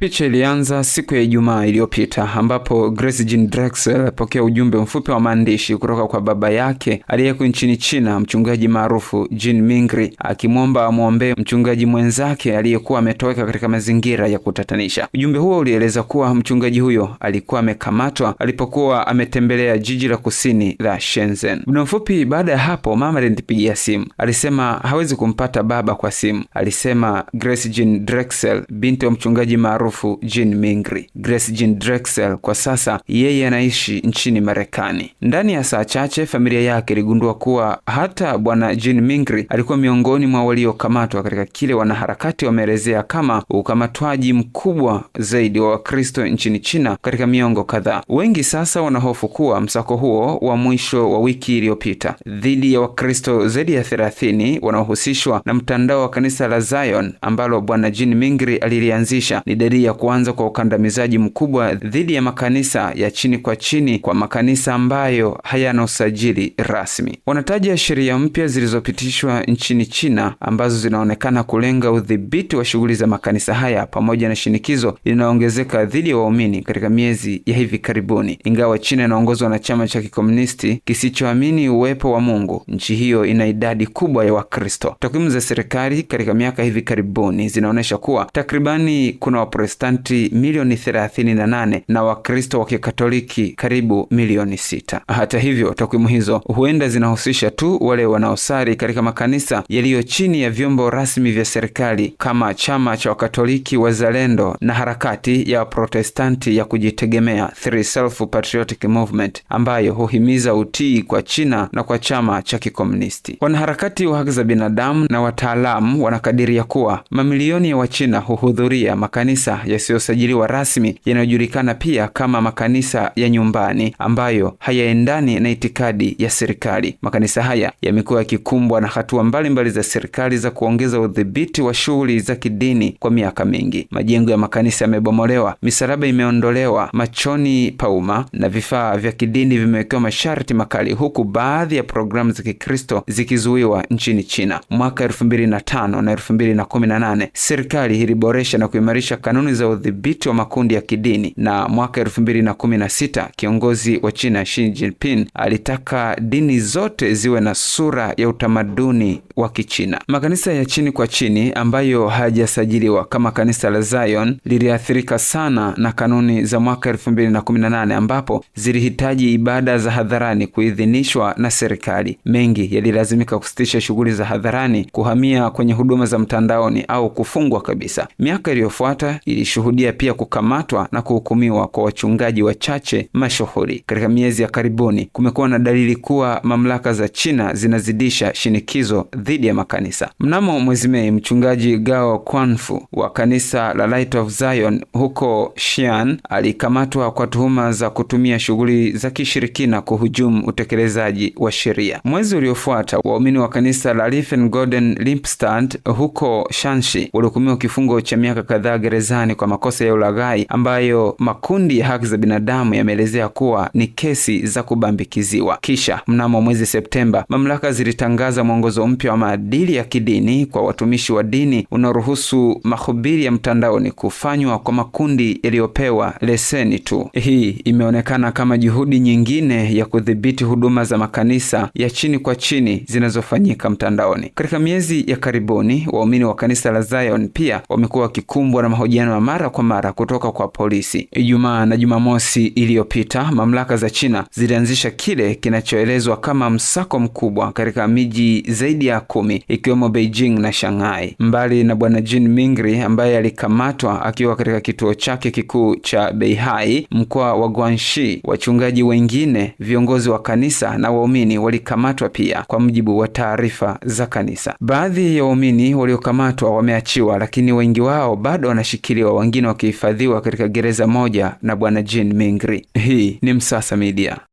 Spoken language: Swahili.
Picha ilianza siku ya Ijumaa iliyopita ambapo Grace Jean Drexel eh, alipokea ujumbe mfupi wa maandishi kutoka kwa baba yake aliyeko nchini China, mchungaji maarufu Jean Mingri, akimwomba amwombee mchungaji mwenzake aliyekuwa ametoweka katika mazingira ya kutatanisha. Ujumbe huo ulieleza kuwa mchungaji huyo alikuwa amekamatwa alipokuwa ametembelea jiji la kusini la Shenzhen. Muda mfupi baada ya hapo, mama alinipigia simu, alisema hawezi kumpata baba kwa simu. Alisema Grace Jean Drexel, binti wa mchungaji maarufu maarufu Jean Mingri. Grace Jean Drexel kwa sasa yeye anaishi nchini Marekani. Ndani ya saa chache familia yake iligundua kuwa hata bwana Jean Mingri alikuwa miongoni mwa waliokamatwa katika kile wanaharakati wameelezea kama ukamatwaji mkubwa zaidi wa Wakristo nchini China katika miongo kadhaa. Wengi sasa wanahofu kuwa msako huo wa mwisho wa wiki iliyopita dhidi ya Wakristo zaidi ya 30 wanaohusishwa na mtandao wa kanisa la Zion ambalo bwana Jean Mingri alilianzisha ni dalili hali ya kuanza kwa ukandamizaji mkubwa dhidi ya makanisa ya chini kwa chini kwa makanisa ambayo hayana usajili rasmi. Wanataja sheria mpya zilizopitishwa nchini China ambazo zinaonekana kulenga udhibiti wa shughuli za makanisa haya pamoja na shinikizo linaloongezeka dhidi ya waumini katika miezi ya hivi karibuni. Ingawa China inaongozwa na chama cha kikomunisti kisichoamini uwepo wa Mungu, nchi hiyo ina idadi kubwa ya Wakristo. Takwimu za serikali katika miaka hivi karibuni zinaonyesha kuwa takribani kuna Waprotestanti Waprotestanti milioni 38 na Wakristo wa Kikatoliki karibu milioni 6. Hata hivyo, takwimu hizo huenda zinahusisha tu wale wanaosari katika makanisa yaliyo chini ya vyombo rasmi vya serikali kama chama cha Wakatoliki Wazalendo na harakati ya Waprotestanti ya kujitegemea Three Self Patriotic Movement ambayo huhimiza utii kwa China na kwa chama cha kikomunisti. Wanaharakati wa haki za binadamu na wataalamu wanakadiria kuwa mamilioni ya Wachina huhudhuria makanisa yasiyosajiliwa rasmi yanayojulikana pia kama makanisa ya nyumbani ambayo hayaendani na itikadi ya serikali. Makanisa haya yamekuwa yakikumbwa na hatua mbalimbali za serikali za kuongeza udhibiti wa shughuli za kidini kwa miaka mingi. Majengo ya makanisa yamebomolewa, misalaba imeondolewa machoni pauma na vifaa vya kidini vimewekewa masharti makali, huku baadhi ya programu za Kikristo zikizuiwa nchini China. Mwaka 2005 na 2018 serikali iliboresha na kuimarisha kanuni kanuni za udhibiti wa makundi ya kidini, na mwaka sita kiongozi wa China Xi Jinping alitaka dini zote ziwe na sura ya utamaduni wa Kichina. Makanisa ya chini kwa chini ambayo hayajasajiliwa kama kanisa la Zion liliathirika sana na kanuni za mwaka nane ambapo zilihitaji ibada za hadharani kuidhinishwa na serikali. Mengi yalilazimika kusitisha shughuli za hadharani, kuhamia kwenye huduma za mtandaoni au kufungwa kabisa. Miaka iliyofuata ilishuhudia pia kukamatwa na kuhukumiwa kwa wachungaji wachache mashuhuri. Katika miezi ya karibuni, kumekuwa na dalili kuwa mamlaka za China zinazidisha shinikizo dhidi ya makanisa. Mnamo mwezi Mei, mchungaji Gao Kwanfu wa kanisa la Light of Zion huko Xi'an alikamatwa kwa tuhuma za kutumia shughuli za kishirikina kuhujumu utekelezaji wa sheria. Mwezi uliofuata, waumini wa kanisa la Liefen Golden Limpstand huko Shanxi walihukumiwa kifungo cha miaka kadhaa gerezani Marekani kwa makosa ya ulaghai ambayo makundi ya haki za binadamu yameelezea kuwa ni kesi za kubambikiziwa. Kisha mnamo mwezi Septemba, mamlaka zilitangaza mwongozo mpya wa maadili ya kidini kwa watumishi wa dini unaoruhusu mahubiri ya mtandaoni kufanywa kwa makundi yaliyopewa leseni tu. Hii imeonekana kama juhudi nyingine ya kudhibiti huduma za makanisa ya chini kwa chini zinazofanyika mtandaoni. Katika miezi ya karibuni, waumini wa kanisa la Zion pia wamekuwa wakikumbwa na mahojiano wa mara kwa mara kutoka kwa polisi. Ijumaa na Jumamosi iliyopita mamlaka za China zilianzisha kile kinachoelezwa kama msako mkubwa katika miji zaidi ya kumi ikiwemo Beijing na Shanghai. Mbali na bwana Jin Mingri ambaye alikamatwa akiwa katika kituo chake kikuu cha Beihai, mkoa wa Guangxi, wachungaji wengine, viongozi wa kanisa na waumini walikamatwa pia, kwa mujibu wa taarifa za kanisa. Baadhi ya waumini waliokamatwa wameachiwa, lakini wengi wao bado wanashikilia wanaachiliwa, wengine wakihifadhiwa katika gereza moja na Bwana Jean Mingri. Hii ni Msasa Media.